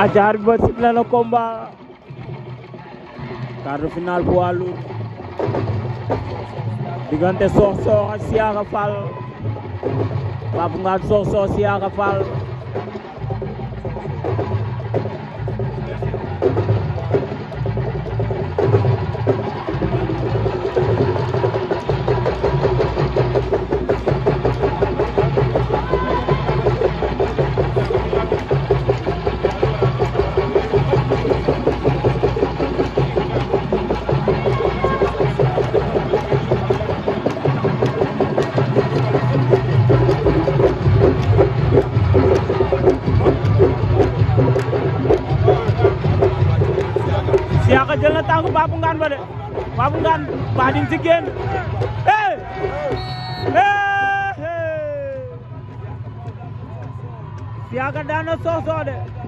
aca arbitre ba sifflé na combat quart de finale poids lourd diggante Sokh Sokh ak Siaka Fall Pape Ngane Sokh Sokh Siaka Fall Siaka jël na tànku Babou Ngane ba de Babou Ngane ba di ci génn hey hey Siaka daan de